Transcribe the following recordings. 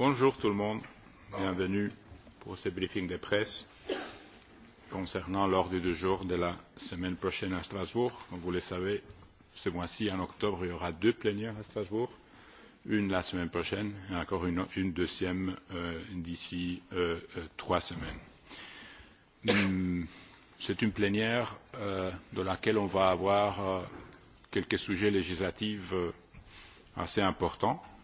Bonjour tout le monde, bienvenue pour ce briefing de presse concernant l'ordre du jour de la semaine prochaine à Strasbourg. Comme vous le savez, ce mois-ci, en octobre, il y aura deux plénières à Strasbourg, une la semaine prochaine et encore une, une deuxième euh, d'ici euh, euh, trois semaines. C'est une plénière euh, dans laquelle on va avoir euh, quelques sujets législatifs euh, assez importants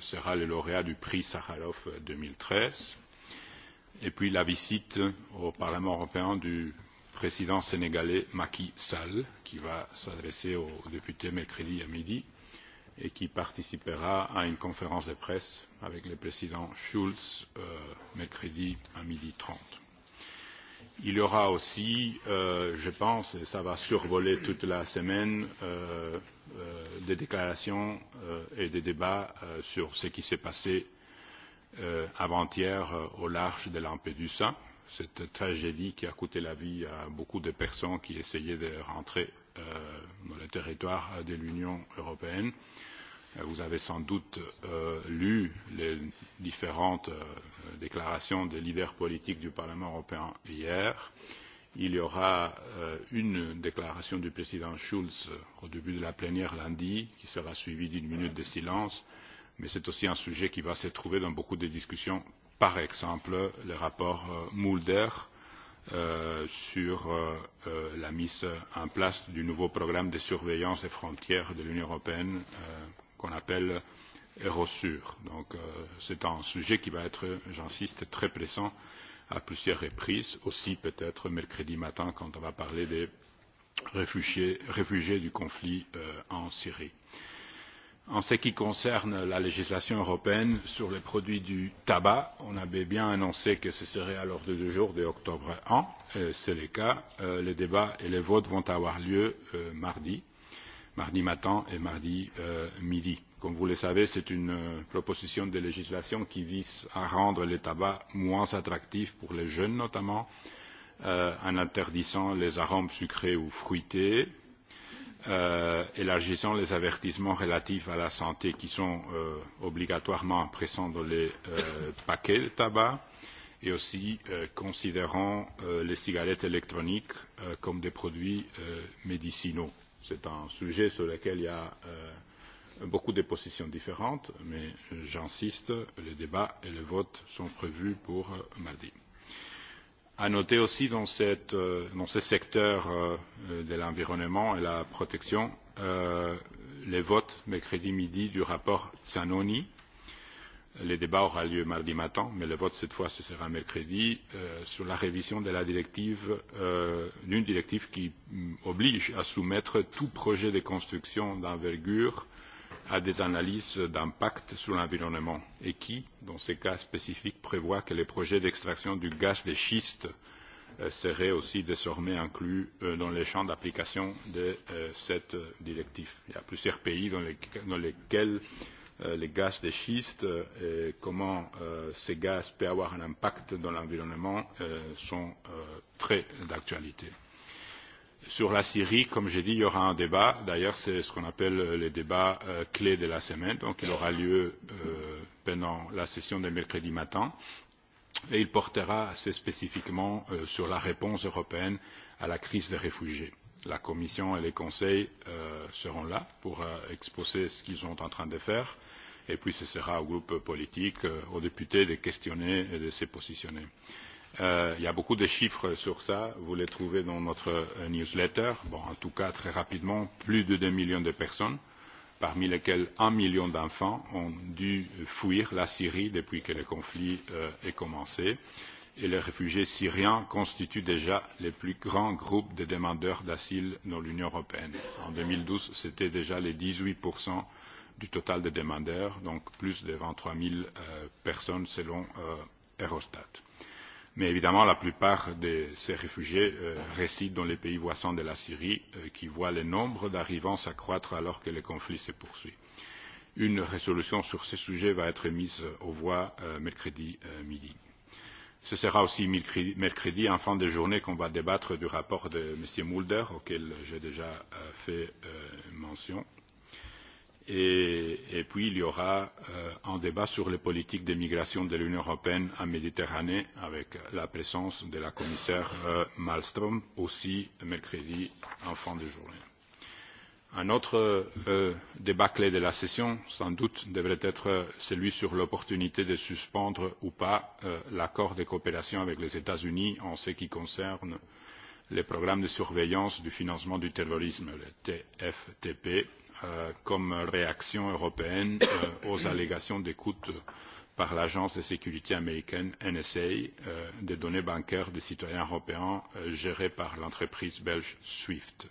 sera le lauréat du prix Sakharov deux mille treize, Et puis la visite au Parlement européen du président sénégalais Macky Sall, qui va s'adresser aux députés mercredi à midi et qui participera à une conférence de presse avec le président Schulz mercredi à midi trente Il y aura aussi, je pense, et cela va survoler toute la semaine, des déclarations et des débats sur ce qui s'est passé avant-hier au large de Lampedusa, cette tragédie qui a coûté la vie à beaucoup de personnes qui essayaient de rentrer dans le territoire de l'Union européenne. Euh, Vous avez sans doute lu les différentes déclarations des leaders politiques du Parlement européen hier. Il y aura une déclaration du président Schulz au début de la plénière lundi, qui sera suivie d'une minute de silence, mais c'est aussi un sujet qui va se trouver dans beaucoup de discussions, par exemple le rapport Mulder sur la mise en place du nouveau programme de surveillance des frontières de l'Union européenne qu'on appelle Erosur. Donc c'est un sujet qui va être, j'insiste, très pressant à plusieurs reprises, aussi peut-être mercredi matin quand on va parler des réfugiés, réfugiés du conflit en Syrie. En ce qui concerne la législation européenne sur les produits du tabac, on avait bien annoncé que ce serait à l'ordre du jour de octobre 1, et c'est le cas. les débats et les votes vont avoir lieu mardi mardi matin et mardi midi. Comme vous le savez, c'est une proposition de législation qui vise à rendre le tabac moins attractif pour les jeunes notamment, en interdisant les arômes sucrés ou fruités, élargissant les avertissements relatifs à la santé qui sont obligatoirement présents dans les paquets de tabac et aussi considérant les cigarettes électroniques comme des produits médicinaux c'est un sujet sur lequel il y a beaucoup de positions différentes mais j'insiste le débat et le vote sont prévus pour mardi. à noter aussi dans ce secteur de l'environnement et de la protection le vote mercredi midi du rapport zanoni le débat aura lieu mardi matin mais le vote cette fois ce sera mercredi sur la révision de la directive d'une directive qui oblige à soumettre tout projet de construction d'envergure à des analyses d'impact sur l'environnement et qui dans ces cas spécifiques prévoit que les projets d'extraction du gaz de schiste seraient aussi désormais inclus dans le champ d'application de cette directive. il y a plusieurs pays dans lesquels les gaz de schiste et comment ces gaz peuvent avoir un impact dans l'environnement sont très d'actualité. Sur la Syrie, comme j'ai dit, il y aura un débat. D'ailleurs, c'est ce qu'on appelle le débat clé de la semaine. Donc, il aura lieu pendant la session de mercredi matin. Et il portera assez spécifiquement sur la réponse européenne à la crise des réfugiés la Commission et le Conseil seront là pour exposer ce qu'ils sont en train de faire. Et puis ce sera aux groupes politiques, aux députés de questionner et de se positionner. il y a beaucoup de chiffres sur cela, Vous les trouvez dans notre newsletter. en tout cas, très rapidement, plus de deux millions de personnes, parmi lesquelles un million d'enfants ont dû fuir la Syrie depuis que le conflit a commencé. Euh, et les réfugiés syriens constituent déjà le plus grand groupe de demandeurs d'asile dans l'Union européenne. En deux mille douze, c'était déjà les dix huit du total des demandeurs, donc plus de vingt trois 000 personnes selon Eurostat. Mais évidemment, la plupart de ces réfugiés résident dans les pays voisins de la Syrie, qui voient le nombre d'arrivants s'accroître alors que le conflit se poursuit. Une résolution sur ce sujet va être mise aux voix mercredi midi ce sera aussi mercredi en fin de journée qu'on va débattre du rapport de m. mulder auquel j'ai déjà fait mention et puis il y aura un débat sur les politiques de migration de l'union européenne en méditerranée avec la présence de la commissaire Malmström, aussi mercredi en fin de journée un autre débat clé de la session sans doute devrait être celui sur l'opportunité de suspendre ou pas l'accord de coopération avec les états unis en ce qui concerne le programme de surveillance du financement du terrorisme le tftp comme réaction européenne aux allégations d'écoute par l'agence de sécurité américaine NSA des données bancaires des citoyens européens gérées par l'entreprise belge SWIFT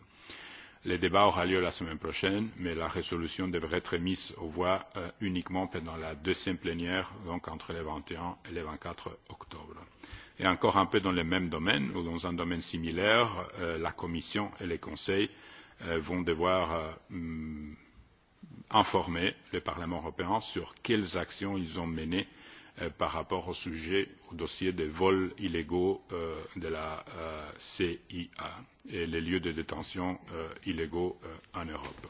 Le débat aura lieu la semaine prochaine, mais la résolution devrait être mise aux voix uniquement pendant la deuxième plénière, donc entre le vingt et un et le vingt quatre octobre. Et encore un peu dans le même domaine ou dans un domaine similaire, la Commission et le Conseil vont devoir informer le Parlement européen sur quelles actions ils ont menées par rapport au sujet, au dossier des vols illégaux de la CIA et les lieux de détention illégaux en Europe.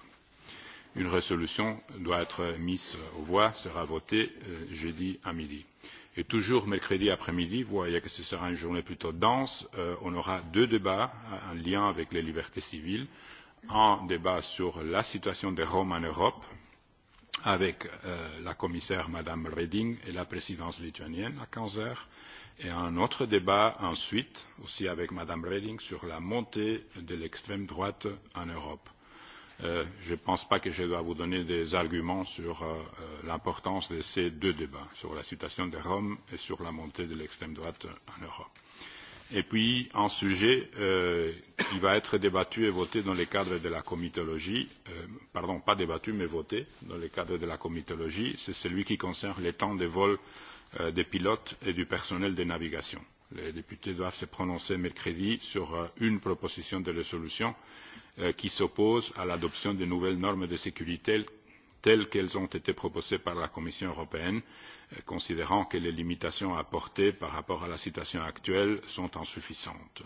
Une résolution doit être mise aux voix, sera votée jeudi à midi. Et toujours mercredi après-midi, vous voyez que ce sera une journée plutôt dense, on aura deux débats en lien avec les libertés civiles. Un débat sur la situation des Roms en Europe, avec la commissaire Madame Reding et la présidence lituanienne à quinze heures, et un autre débat ensuite, aussi avec Madame Reding, sur la montée de l'extrême droite en Europe. je ne pense pas que je dois vous donner des arguments sur l'importance de ces deux débats, sur la situation de Rome et sur la montée de l'extrême droite en Europe et puis un sujet qui va être débattu et voté dans le cadre de la comitologie pardon pas débattu mais voté dans le cadre de la comitologie c'est celui qui concerne les temps de vol des pilotes et du personnel de navigation. Les députés doivent se prononcer mercredi sur une proposition de résolution qui s'oppose à l'adoption de nouvelles normes de sécurité telles qu'elles ont été proposées par la Commission européenne, considérant que les limitations apportées par rapport à la situation actuelle sont insuffisantes.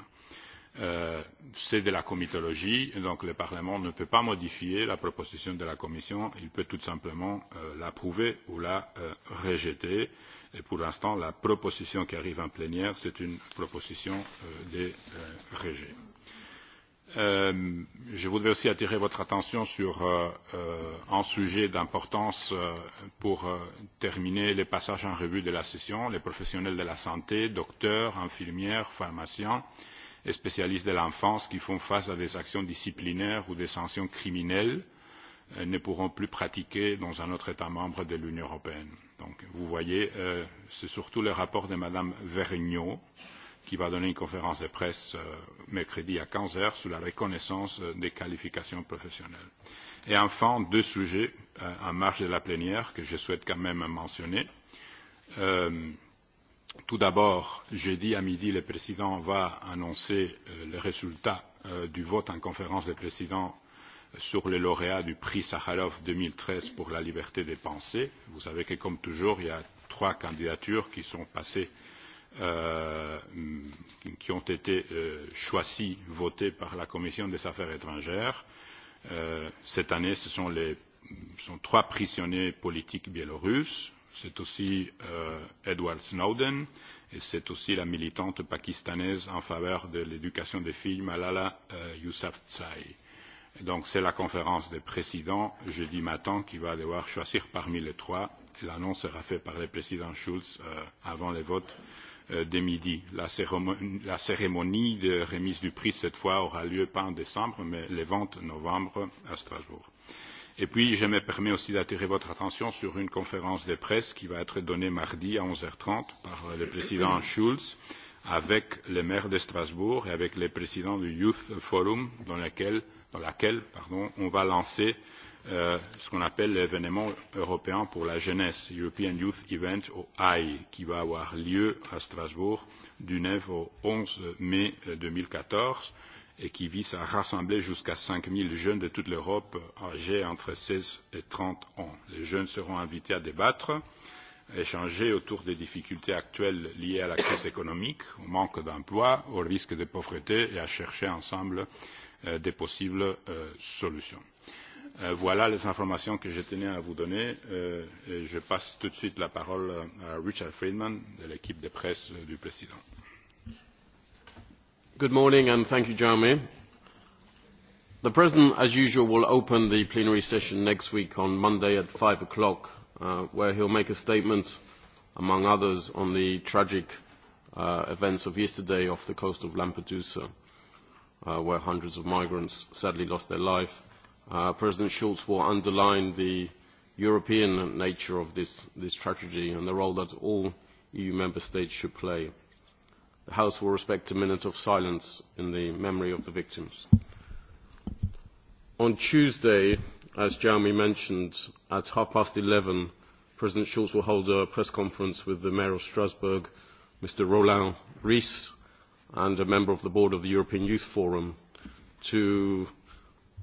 C'est de la comitologie, donc le Parlement ne peut pas modifier la proposition de la Commission, il peut tout simplement l'approuver ou la rejeter. Et pour l'instant, la proposition qui arrive en plénière, c'est une proposition des régions je voudrais aussi attirer votre attention sur un sujet d'importance pour terminer le passage en revue de la session les professionnels de la santé docteurs infirmières pharmaciens et spécialistes de l'enfance qui font face à des actions disciplinaires ou des sanctions criminelles ne pourront plus pratiquer dans un autre État membre de l'Union européenne. Donc, vous voyez, c'est surtout le rapport de Madame Vergniaud euh, qui va donner une conférence de presse mercredi à quinze heures sur la reconnaissance des qualifications professionnelles. Et enfin, deux sujets en marge de la plénière que je souhaite quand même mentionner. tout d'abord, jeudi à midi, le président va annoncer les résultats du vote en conférence des présidents sur les lauréats du prix Sakharov deux mille treize pour la liberté des pensées. Vous savez que, comme toujours, il y a trois candidatures qui sont passées euh, qui ont été choisis, votés par la Commission des affaires étrangères. cette année, ce sont, les, sont trois prisonniers politiques biélorusses. C'est aussi Edward Snowden et c'est aussi la militante pakistanaise en faveur de l'éducation des filles Malala Yousafzai. Donc c'est la conférence des présidents jeudi matin qui va devoir choisir parmi les trois. L'annonce sera faite par le président Schulz avant les votes de midi. La cérémonie de remise du prix, cette fois, aura lieu pas en décembre, mais le vingt novembre à Strasbourg. Et puis, je me permets aussi d'attirer votre attention sur une conférence de presse qui va être donnée mardi à onze h trente par le président Schulz avec le maire de Strasbourg et avec les présidents du Youth Forum dans laquelle, on va lancer ce qu'on appelle l'événement européen pour la jeunesse, European Youth Event au AI, qui va avoir lieu à Strasbourg du neuf au onze mai deux mille quatorze et qui vise à rassembler jusqu'à cinq 000 jeunes de toute l'Europe âgés entre seize et trente ans. Les jeunes seront invités à débattre, à échanger autour des difficultés actuelles liées à la crise économique, au manque d'emploi, au risque de pauvreté et à chercher ensemble des possibles solutions voilà les informations que je tenais à vous donner et je passe tout de suite la parole à richard friedman de l'équipe de presse du président. good morning and thank you jeremy. the president as usual will open the plenary session next week on monday at five o'clock uh, where he'll make a statement among others on the tragic uh, events of yesterday off the coast of lampedusa uh, where hundreds of migrants sadly lost their life Uh, President Schulz will underline the European nature of this, this tragedy and the role that all EU member states should play. The House will respect a minute of silence in the memory of the victims. On Tuesday, as Jeremy mentioned, at half past 11, President Schulz will hold a press conference with the Mayor of Strasbourg, Mr. Roland Ries, and a member of the board of the European Youth Forum to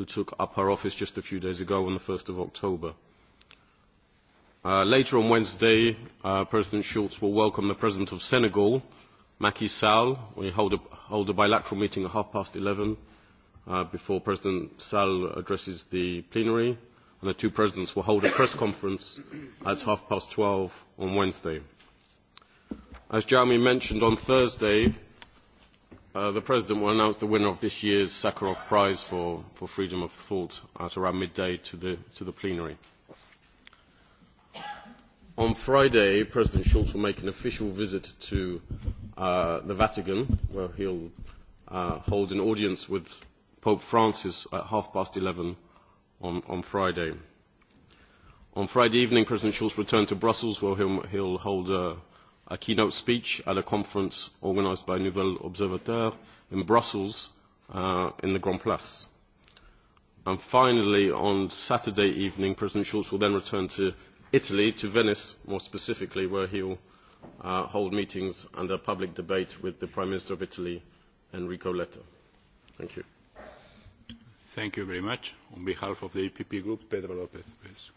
who took up her office just a few days ago on the 1st of October. Uh, later on Wednesday, uh, President Schultz will welcome the President of Senegal, Macky Sall. We hold a, hold a bilateral meeting at half past 11 uh, before President Sall addresses the plenary. And the two presidents will hold a press conference at half past 12 on Wednesday. As Jeremy mentioned, on Thursday, the President will announce the winner of this year's Sakharov Prize for, for Freedom of Thought at around midday to the, to the plenary. On Friday, President Schulz will make an official visit to uh, the Vatican, where he'll uh, hold an audience with Pope Francis at half past 11 on, on Friday. On Friday evening, President Schulz returned to Brussels, where he'll, he'll hold a a keynote speech at a conference organised by Nouvel Observateur in Brussels uh, in the Grand Place. And finally, on Saturday evening, President Schulz will then return to Italy, to Venice more specifically, where he will uh, hold meetings and a public debate with the Prime Minister of Italy, Enrico Letta. Thank you. Thank you very much. On behalf of the EPP group, Pedro Lopez, please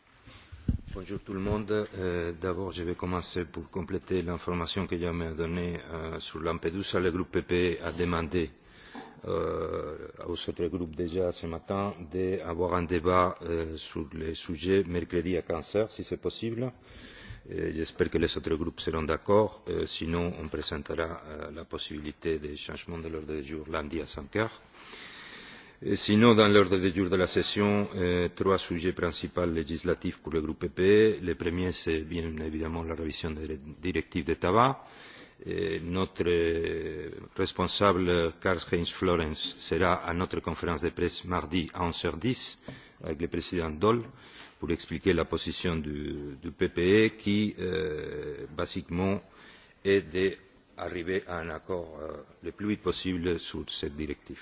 Bonjour tout le monde. Euh, D'abord, je vais commencer pour compléter l'information que Yam a donnée euh, sur Lampedusa. Le groupe PP a demandé euh, aux autres groupes déjà ce matin d'avoir un débat euh, sur le sujet mercredi à cancer, si c'est possible. J'espère que les autres groupes seront d'accord. Euh, sinon, on présentera euh, la possibilité des changements de l'ordre du jour lundi à 5 heures sinon dans l'ordre du jour de la session trois sujets principaux législatifs pour le groupe ppe. le premier c'est bien évidemment la révision de la directive sur le tabac. notre responsable karl heinz florenz sera à notre conférence de presse mardi à onze heures dix avec le président daul pour expliquer la position du ppe qui basiquement est d'arriver à un accord le plus vite possible sur cette directive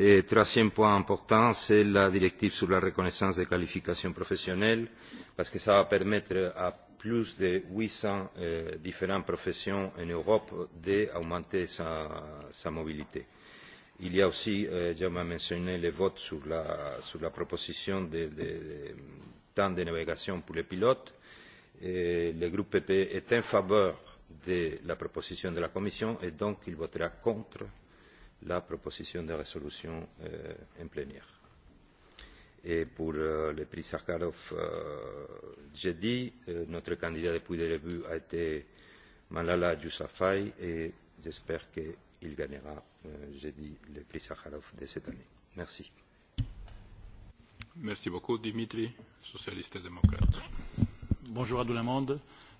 Et troisième point important, c'est la directive sur la reconnaissance des qualifications professionnelles, parce que cela va permettre à plus de huit cents différentes professions en Europe d'augmenter sa, mobilité. Il y a aussi, Jaume a mentionné le vote sur la, proposition de, temps de navigation pour les pilotes. le groupe PPE est en faveur de la proposition de la Commission et donc il votera contre euh, la proposition de résolution euh, en plénière. Et pour euh, le prix Sakharov, euh, jeudi, euh, notre candidat depuis le début a été Malala Yousafzai et j'espère qu'il gagnera euh, jeudi le prix Sakharov de cette année. Merci. Merci beaucoup, Dimitri, socialiste et démocrate. Bonjour à tout le monde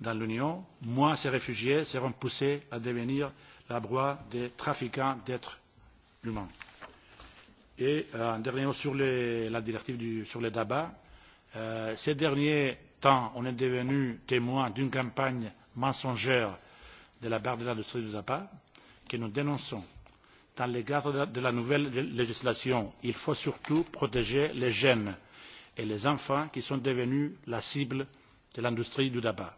dans l'Union, moins ces réfugiés seront poussés à devenir la proie des trafiquants d'êtres humains. Et en dernier mot sur la directive sur le tabac, ces derniers temps, on est devenu témoin d'une campagne mensongère de la part de l'industrie du tabac que nous dénonçons. Dans le cadre de la nouvelle législation, il faut surtout protéger les jeunes et les enfants qui sont devenus la cible de l'industrie du tabac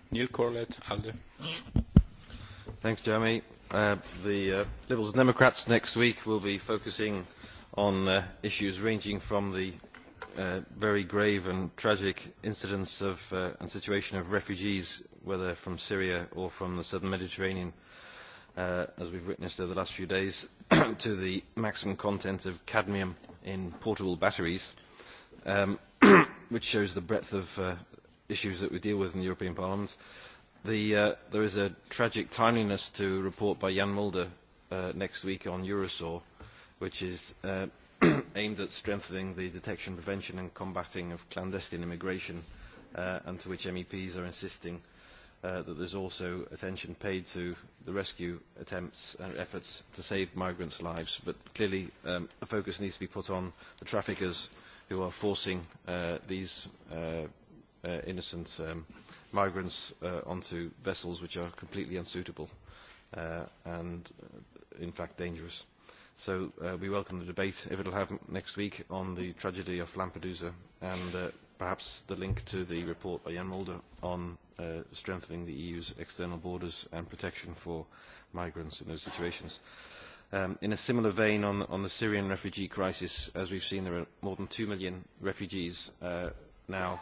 the Liberals and Democrats next week will be focusing on issues ranging from the very grave and tragic incidents and situation of refugees, whether from Syria or from the southern Mediterranean, as we have witnessed over the last few days, to the maximum content of cadmium in portable batteries, which shows the breadth of uh, issues that we deal with in the European Parliament. The, uh, there is a tragic timeliness to a report by Jan Mulder uh, next week on Eurosor, which is uh, aimed at strengthening the detection, prevention and combating of clandestine immigration, uh, and to which MEPs are insisting uh, that there's also attention paid to the rescue attempts and efforts to save migrants' lives. But clearly um, a focus needs to be put on the traffickers who are forcing uh, these uh, uh, innocent um, migrants uh, onto vessels which are completely unsuitable uh, and, uh, in fact, dangerous. So uh, we welcome the debate, if it will happen next week, on the tragedy of Lampedusa and uh, perhaps the link to the report by Jan Mulder on uh, strengthening the EU's external borders and protection for migrants in those situations. Um, in a similar vein on, on the Syrian refugee crisis, as we've seen, there are more than 2 million refugees uh, now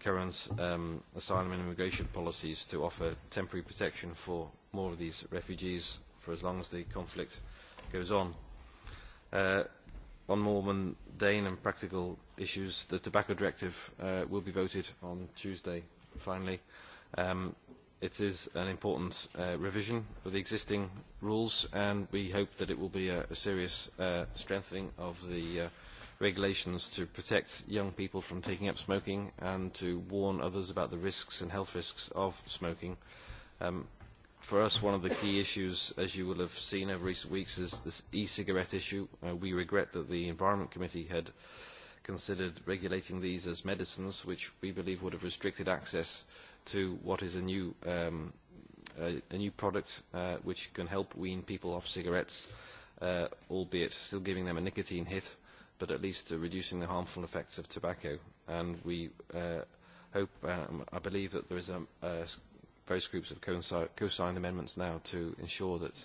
current um, asylum and immigration policies to offer temporary protection for more of these refugees for as long as the conflict goes on. Uh, on more mundane and practical issues, the tobacco directive uh, will be voted on Tuesday, finally. Um, it is an important uh, revision of the existing rules, and we hope that it will be a, a serious uh, strengthening of the uh, regulations to protect young people from taking up smoking and to warn others about the risks and health risks of smoking. Um, for us, one of the key issues, as you will have seen over recent weeks, is this e-cigarette issue. Uh, we regret that the Environment Committee had considered regulating these as medicines, which we believe would have restricted access to what is a new, um, a, a new product uh, which can help wean people off cigarettes, uh, albeit still giving them a nicotine hit but at least to reducing the harmful effects of tobacco. And we uh, hope, um, I believe that there is a, a various groups of co-signed amendments now to ensure that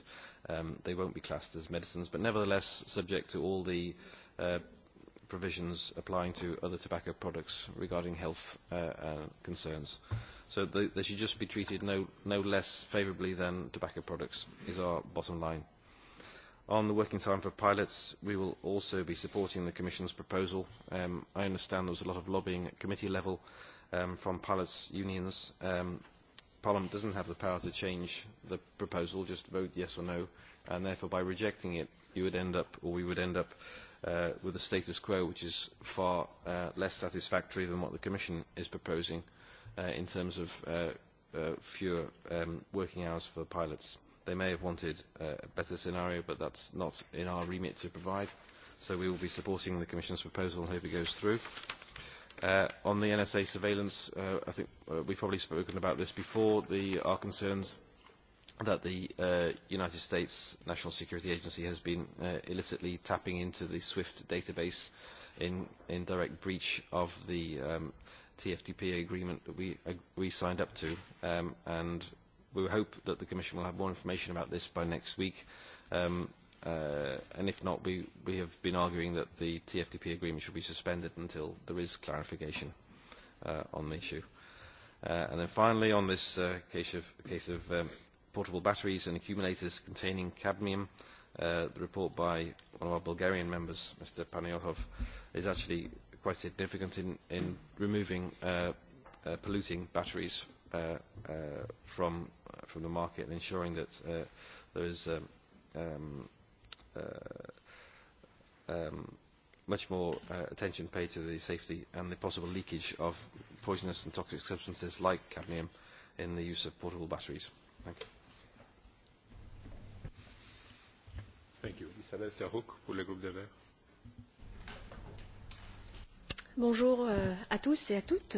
um, they won't be classed as medicines, but nevertheless subject to all the uh, provisions applying to other tobacco products regarding health uh, uh, concerns. So they, they should just be treated no, no less favourably than tobacco products is our bottom line. On the working time for pilots, we will also be supporting the Commission's proposal. Um, I understand there was a lot of lobbying at committee level um, from pilots' unions. Um, Parliament doesn't have the power to change the proposal, just vote yes or no, and therefore by rejecting it, you would end up, or we would end up, uh, with a status quo which is far uh, less satisfactory than what the Commission is proposing uh, in terms of uh, uh, fewer um, working hours for pilots. They may have wanted a better scenario, but that's not in our remit to provide. So we will be supporting the Commission's proposal and hope it goes through. Uh, on the NSA surveillance, uh, I think uh, we've probably spoken about this before. The, our concerns that the uh, United States National Security Agency has been uh, illicitly tapping into the SWIFT database in, in direct breach of the um, TFTP agreement that we, uh, we signed up to. Um, and we hope that the Commission will have more information about this by next week. Um, uh, and if not, we, we have been arguing that the TFTP agreement should be suspended until there is clarification uh, on the issue. Uh, and then finally, on this uh, case of, case of um, portable batteries and accumulators containing cadmium, uh, the report by one of our Bulgarian members, Mr. Paniotov, is actually quite significant in, in removing uh, uh, polluting batteries uh, uh, from from the market and ensuring that uh, there is um, um, uh, um, much more uh, attention paid to the safety and the possible leakage of poisonous and toxic substances like cadmium in the use of portable batteries. Thank you. Thank you. Isabelle Serrouk pour le groupe de Verts. Bonjour à tous et à toutes.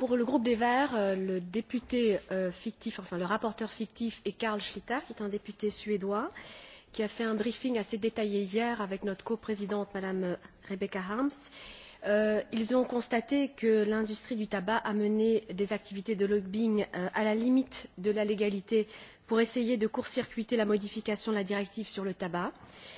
Pour le groupe des Verts, le député fictif, enfin le rapporteur fictif est Karl Schlitter, qui est un député suédois, qui a fait un briefing assez détaillé hier avec notre coprésidente, Madame Rebecca Harms. ils ont constaté que l'industrie du tabac a mené des activités de lobbying à la limite de la légalité pour essayer de court-circuiter la modification de la directive sur le tabac. Euh,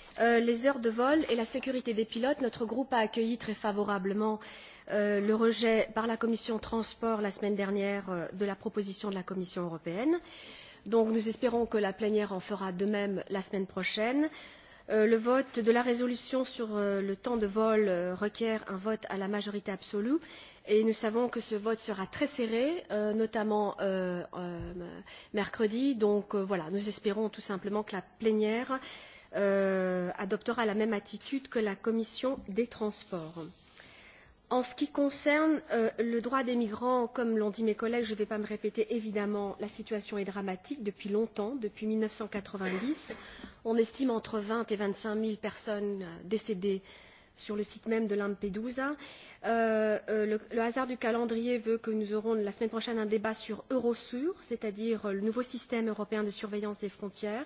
les heures de vol et la sécurité des pilotes notre groupe a accueilli très favorablement le rejet par la commission des transports la semaine dernière de la proposition de la commission européenne. nous espérons que la plénière en fera de même la semaine prochaine. le vote de la résolution sur le temps de vol requiert un vote à la majorité absolue et nous savons que ce vote sera très serré notamment mercredi. donc voilà nous espérons tout simplement que la plénière adoptera la même attitude que la commission des transports. En ce qui concerne le droit des migrants, comme l'ont dit mes collègues, je ne vais pas me répéter, évidemment, la situation est dramatique depuis longtemps, depuis mille neuf cent quatre-vingt-dix, On estime entre vingt et vingt cinq zéro personnes décédées sur le site même de Lampedusa. le, hasard du calendrier veut que nous aurons la semaine prochaine un débat sur Eurosur, c'est-à-dire le nouveau système européen de surveillance des frontières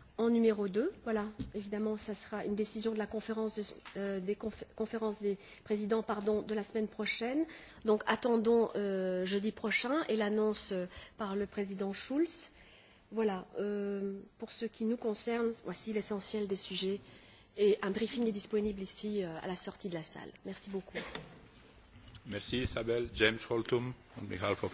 en numéro deux, Voilà, évidemment, ce sera une décision de la conférence, de, euh, des, conférence des présidents pardon, de la semaine prochaine. Donc attendons euh, jeudi prochain et l'annonce euh, par le président Schulz. Voilà, euh, pour ce qui nous concerne, voici l'essentiel des sujets et un briefing est disponible ici euh, à la sortie de la salle. Merci beaucoup. Merci Isabelle. James Holtum, on behalf of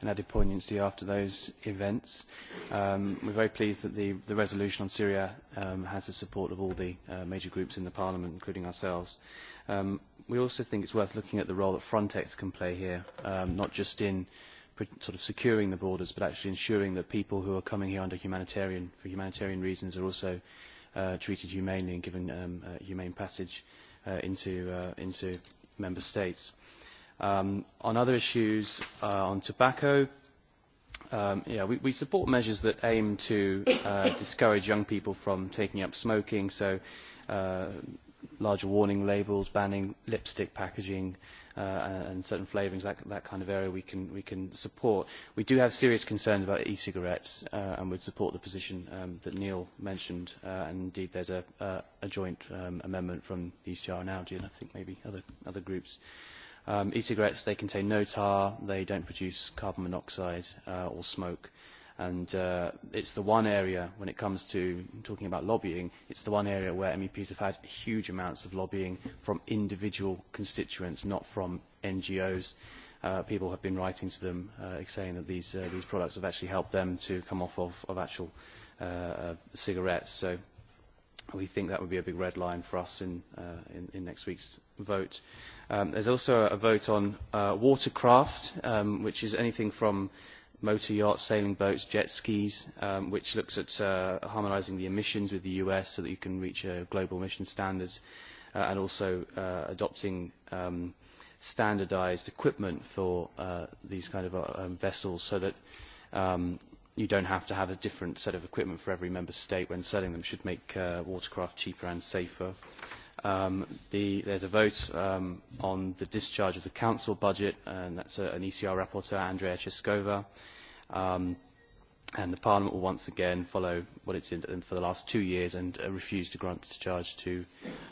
and added poignancy after those events. Um, we're very pleased that the, the resolution on Syria um, has the support of all the uh, major groups in the Parliament, including ourselves. Um, we also think it's worth looking at the role that Frontex can play here, um, not just in sort of securing the borders, but actually ensuring that people who are coming here under humanitarian, for humanitarian reasons are also uh, treated humanely and given um, uh, humane passage uh, into, uh, into member states Um, on other issues, uh, on tobacco, um, yeah, we, we support measures that aim to uh, discourage young people from taking up smoking, so uh, larger warning labels, banning lipstick packaging uh, and certain flavourings, that, that kind of area we can, we can support. We do have serious concerns about e-cigarettes uh, and would support the position um, that Neil mentioned uh, and indeed there's a, uh, a joint um, amendment from the ECR and Audi and I think maybe other, other groups. Uh, Um, e-cigarettes, they contain no tar, they don't produce carbon monoxide uh, or smoke. And uh, it's the one area, when it comes to talking about lobbying, it's the one area where MEPs have had huge amounts of lobbying from individual constituents, not from NGOs. Uh, people have been writing to them uh, saying that these, uh, these products have actually helped them to come off of, of actual uh, uh, cigarettes. So we think that would be a big red line for us in, uh, in, in next week's vote. Um, there's also a vote on uh, watercraft, um, which is anything from motor yachts, sailing boats, jet skis, um, which looks at uh, harmonising the emissions with the US so that you can reach a global emission standards, uh, and also uh, adopting um, standardised equipment for uh, these kind of uh, um, vessels so that um, you don't have to have a different set of equipment for every member state when selling them should make uh, watercraft cheaper and safer. Um, the, there's a vote um, on the discharge of the council budget, and that's is an ECR rapporteur, Andrea Cheskova. Um, and the Parliament will once again follow what it did for the last two years and uh, refuse to grant discharge to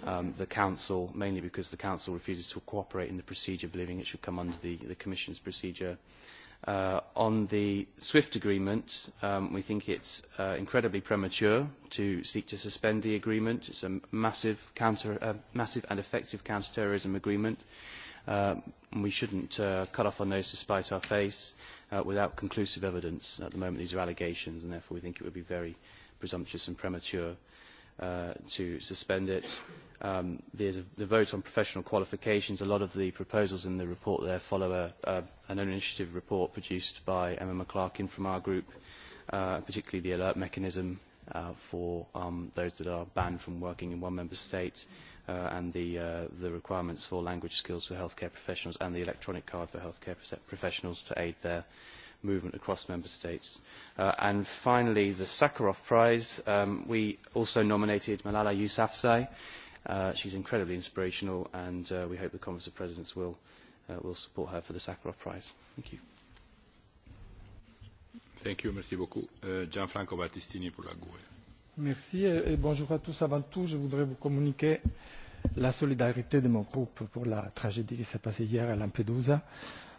um, the Council, mainly because the Council refuses to cooperate in the procedure, believing it should come under the, the Commission's procedure. Uh, on the SWIFT agreement, we think it is incredibly premature to seek to suspend the agreement. It is a massive, and effective counter-terrorism agreement. we should not cut off our nose to spite our face without conclusive evidence. At the moment, these are allegations, and therefore we think it would be very presumptuous and premature to suspend it. Um, there's a, the vote on professional qualifications. A lot of the proposals in the report there follow a, a, an own initiative report produced by Emma McClarkin from our group, uh, particularly the alert mechanism uh, for um, those that are banned from working in one member state uh, and the, uh, the requirements for language skills for healthcare professionals and the electronic card for healthcare professionals to aid their movement across member states. and finally, the Sakharov Prize. we also nominated Malala Yousafzai. She is incredibly inspirational, and we hope the Conference of Presidents will, support her for the Sakharov Prize. Thank you. Thank you, merci beaucoup. Gianfranco Battistini pour la GUE. Merci et bonjour à tous. Avant tout, je voudrais vous communiquer la solidarité de mon groupe pour la tragédie qui s'est passée hier à Lampedusa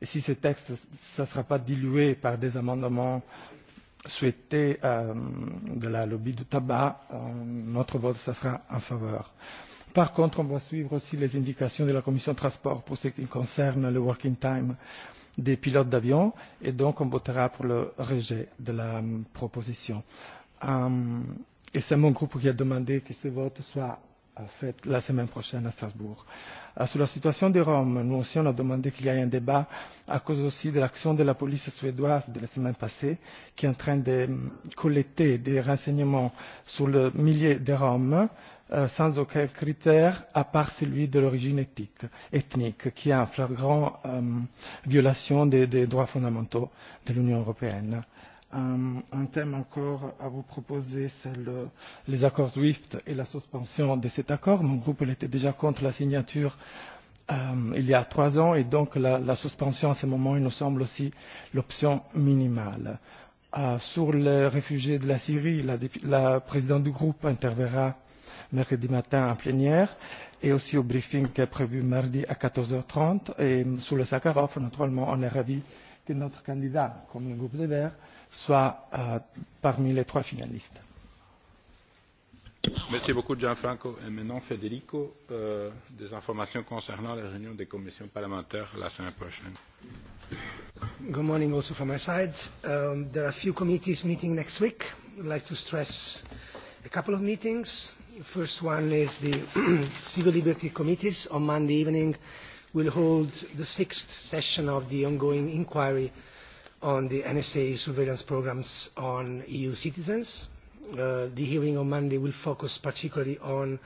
et si ce texte ne sera pas dilué par des amendements souhaités euh, de la lobby du tabac, euh, notre vote ça sera en faveur. Par contre, on va suivre aussi les indications de la Commission de transport pour ce qui concerne le working time des pilotes d'avion et donc on votera pour le rejet de la proposition. Euh, et c'est mon groupe qui a demandé que ce vote soit faite la semaine prochaine à Strasbourg. Euh, sur la situation des Roms, nous aussi on a demandé qu'il y ait un débat à cause aussi de l'action de la police suédoise de la semaine passée qui est en train de collecter des renseignements sur le millier de Roms euh, sans aucun critère à part celui de l'origine ethnique, ethnique qui est en flagrant euh, violation des, des droits fondamentaux de l'Union européenne un, un thème encore à vous proposer, c'est le, les accords SWIFT et la suspension de cet accord. Mon groupe était déjà contre la signature euh, il y a trois ans et donc la, la suspension à ce moment, il nous semble aussi l'option minimale. Euh, sur les réfugiés de la Syrie, la, la présidente du groupe interverra mercredi matin en plénière et aussi au briefing qui est prévu mardi à 14h30. Et sur le Sakharov, naturellement, on est ravis euh, que notre candidat, comme le groupe des Verts, soit euh, parmi les trois finalistes. Merci beaucoup, Gianfranco. Et maintenant, Federico, euh, des informations concernant la réunion des commissions parlementaires la semaine prochaine. Good morning also from my side. Um, there are a few committees meeting next week. I'd like to stress a couple of meetings. The first one is the Civil Liberty Committees on Monday evening will hold the sixth session of the ongoing inquiry on the NSA surveillance programs on EU citizens. Uh, the hearing on Monday will focus particularly on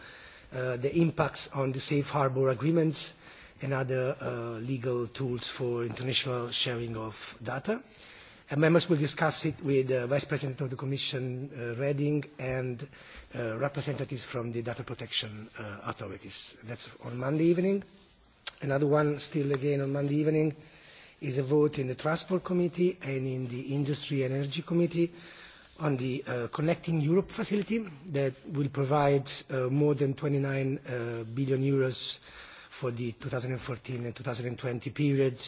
uh, the impacts on the safe harbour agreements and other uh, legal tools for international sharing of data. And members will discuss it with uh, Vice President of the Commission, uh, Reading, and uh, representatives from the data protection uh, authorities. That's on Monday evening. Another one, still again on Monday evening, is a vote in the Transport Committee and in the Industry and Energy Committee on the uh, Connecting Europe facility that will provide uh, more than 29 uh, billion euros for the 2014 and 2020 period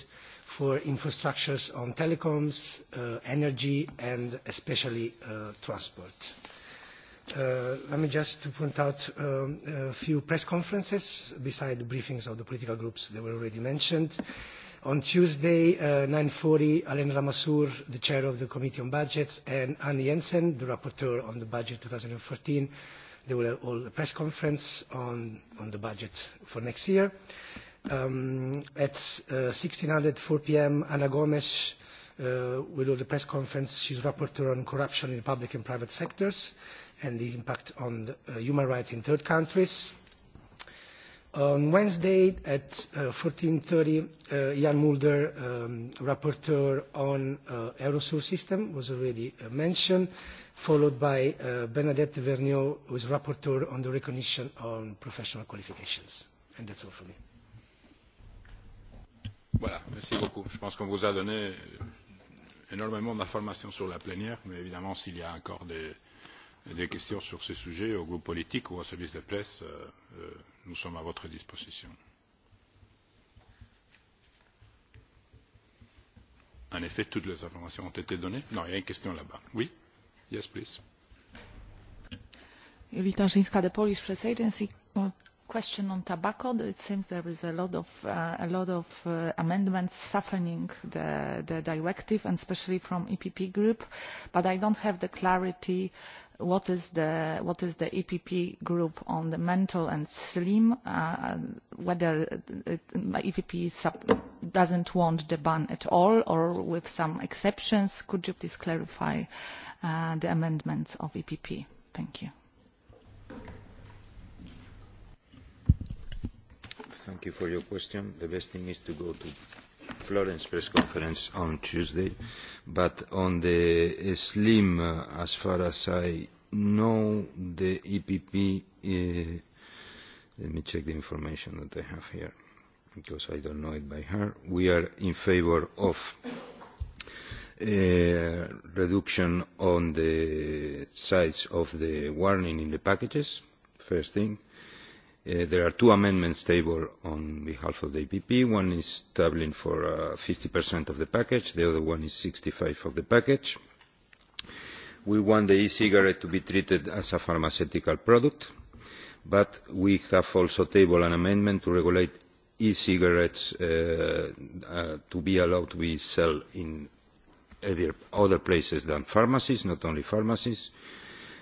for infrastructures on telecoms, uh, energy, and especially uh, transport let me just point out a few press conferences beside the briefings of the political groups that were already mentioned. On Tuesday, uh, 9.40, Alain Ramassour, the chair of the Committee on Budgets, and Anne Jensen, the rapporteur on the budget 2014, they will hold a press conference on, on the budget for next year. Um, at uh, 16.04 p.m., Anna Gomes uh, will hold the press conference. She's rapporteur on corruption in the public and private sectors and the impact on the, uh, human rights in third countries. On Wednesday at uh, 14.30, uh, Jan Mulder, um, rapporteur on uh, Aerosur system, was already uh, mentioned, followed by uh, Bernadette Vergniaud, who is rapporteur on the recognition on professional qualifications. And that's all for me. Voilà, merci beaucoup. Je pense qu'on vous a donné énormément d'informations sur la plénière, mais évidemment, s'il y a encore des des questions sur ce sujet au groupe politique ou au service de presse, nous sommes à votre disposition. En effet, toutes les informations ont été données. Non, il y a une question là-bas. Oui Yes, please. Julita Żyńska, the Polish Press Agency. Question on tobacco. It seems there is a lot of, uh, a lot of uh, amendments softening the, the directive, and especially from EPP group. But I don't have the clarity what is the what is the EPP group on the mental and slim uh, whether it, EPP sub doesn't want the ban at all or with some exceptions could you please clarify uh, the amendments of EPP thank you thank you for your question the best thing is to go to Florence press conference on Tuesday, but on the SLIM, uh, as far as I know, the EPP, uh, let me check the information that I have here, because I don't know it by heart. We are in favor of uh, reduction on the size of the warning in the packages, first thing there are two amendments tabled on behalf of the EPP. One is tabling for fifty of the package. The other one is sixty five of the package. We want the e-cigarette to be treated as a pharmaceutical product, but we have also tabled an amendment to regulate e-cigarettes uh, uh, to be allowed to be sold in other places than pharmacies, not only pharmacies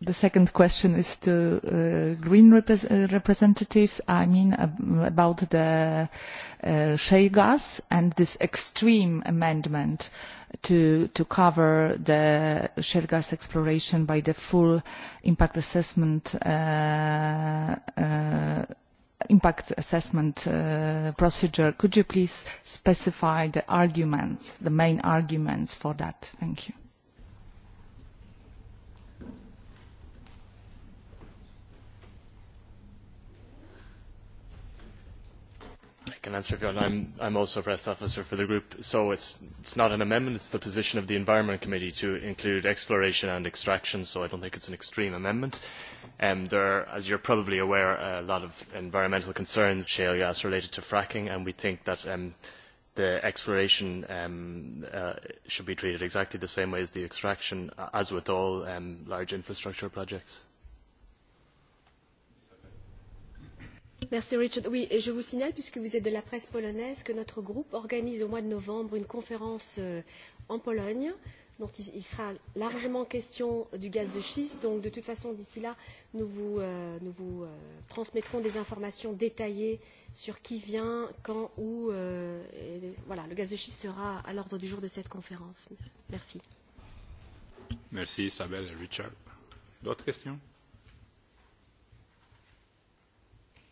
The second question is to uh, green representatives, I mean about the uh, shale gas and this extreme amendment to, to cover the shale gas exploration by the full impact assessment uh, uh, impact assessment uh, procedure. Could you please specify the arguments, the main arguments for that? Thank you. can answer if you want. I'm, I'm also a press officer for the group, so it's, it's not an amendment, it's the position of the Environment Committee to include exploration and extraction, so I don't think it's an extreme amendment. Um, there are, as you're probably aware, a lot of environmental concerns, shale gas related to fracking, and we think that um, the exploration um, uh, should be treated exactly the same way as the extraction, as with all um, large infrastructure projects. Richard. Oui, je vous signale, puisque vous êtes de la presse polonaise, que notre groupe organise au mois de novembre une conférence en Pologne dont il sera largement question du gaz de schiste. Donc, de toute façon, d'ici là, nous vous, euh, nous vous euh, transmettrons des informations détaillées sur qui vient, quand, où. Euh, et, voilà, le gaz de schiste sera à l'ordre du jour de cette conférence. Merci. Merci Isabelle. Richard, d'autres questions